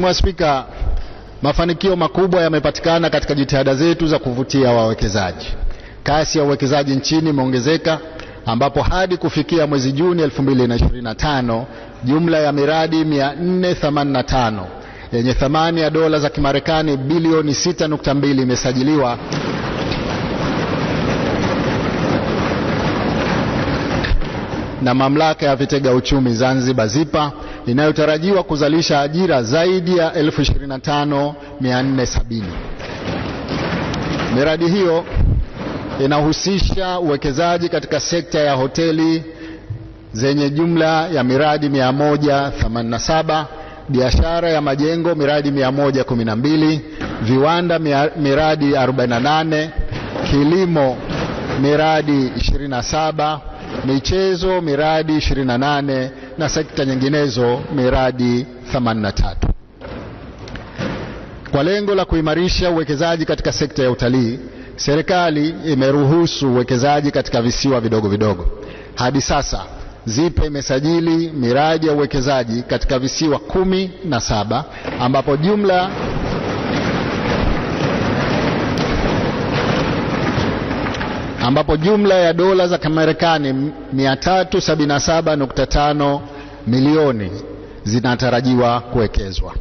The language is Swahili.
Mheshimiwa Spika, mafanikio makubwa yamepatikana katika jitihada zetu za kuvutia wawekezaji. Kasi ya uwekezaji nchini imeongezeka ambapo hadi kufikia mwezi Juni 2025 jumla ya miradi 485 yenye thamani ya dola za Kimarekani bilioni 6.2 imesajiliwa na mamlaka ya vitega uchumi Zanzibar ZIPA inayotarajiwa kuzalisha ajira zaidi ya 25470. Miradi hiyo inahusisha uwekezaji katika sekta ya hoteli zenye jumla ya miradi 187, biashara ya majengo miradi 112, viwanda miradi 48, kilimo miradi 27, michezo miradi 28 na sekta nyinginezo miradi 83 kwa lengo la kuimarisha uwekezaji katika sekta ya utalii. Serikali imeruhusu uwekezaji katika visiwa vidogo vidogo. Hadi sasa ZIPA imesajili miradi ya uwekezaji katika visiwa kumi na saba ambapo jumla ambapo jumla ya dola za Kimarekani 377.5 milioni zinatarajiwa kuwekezwa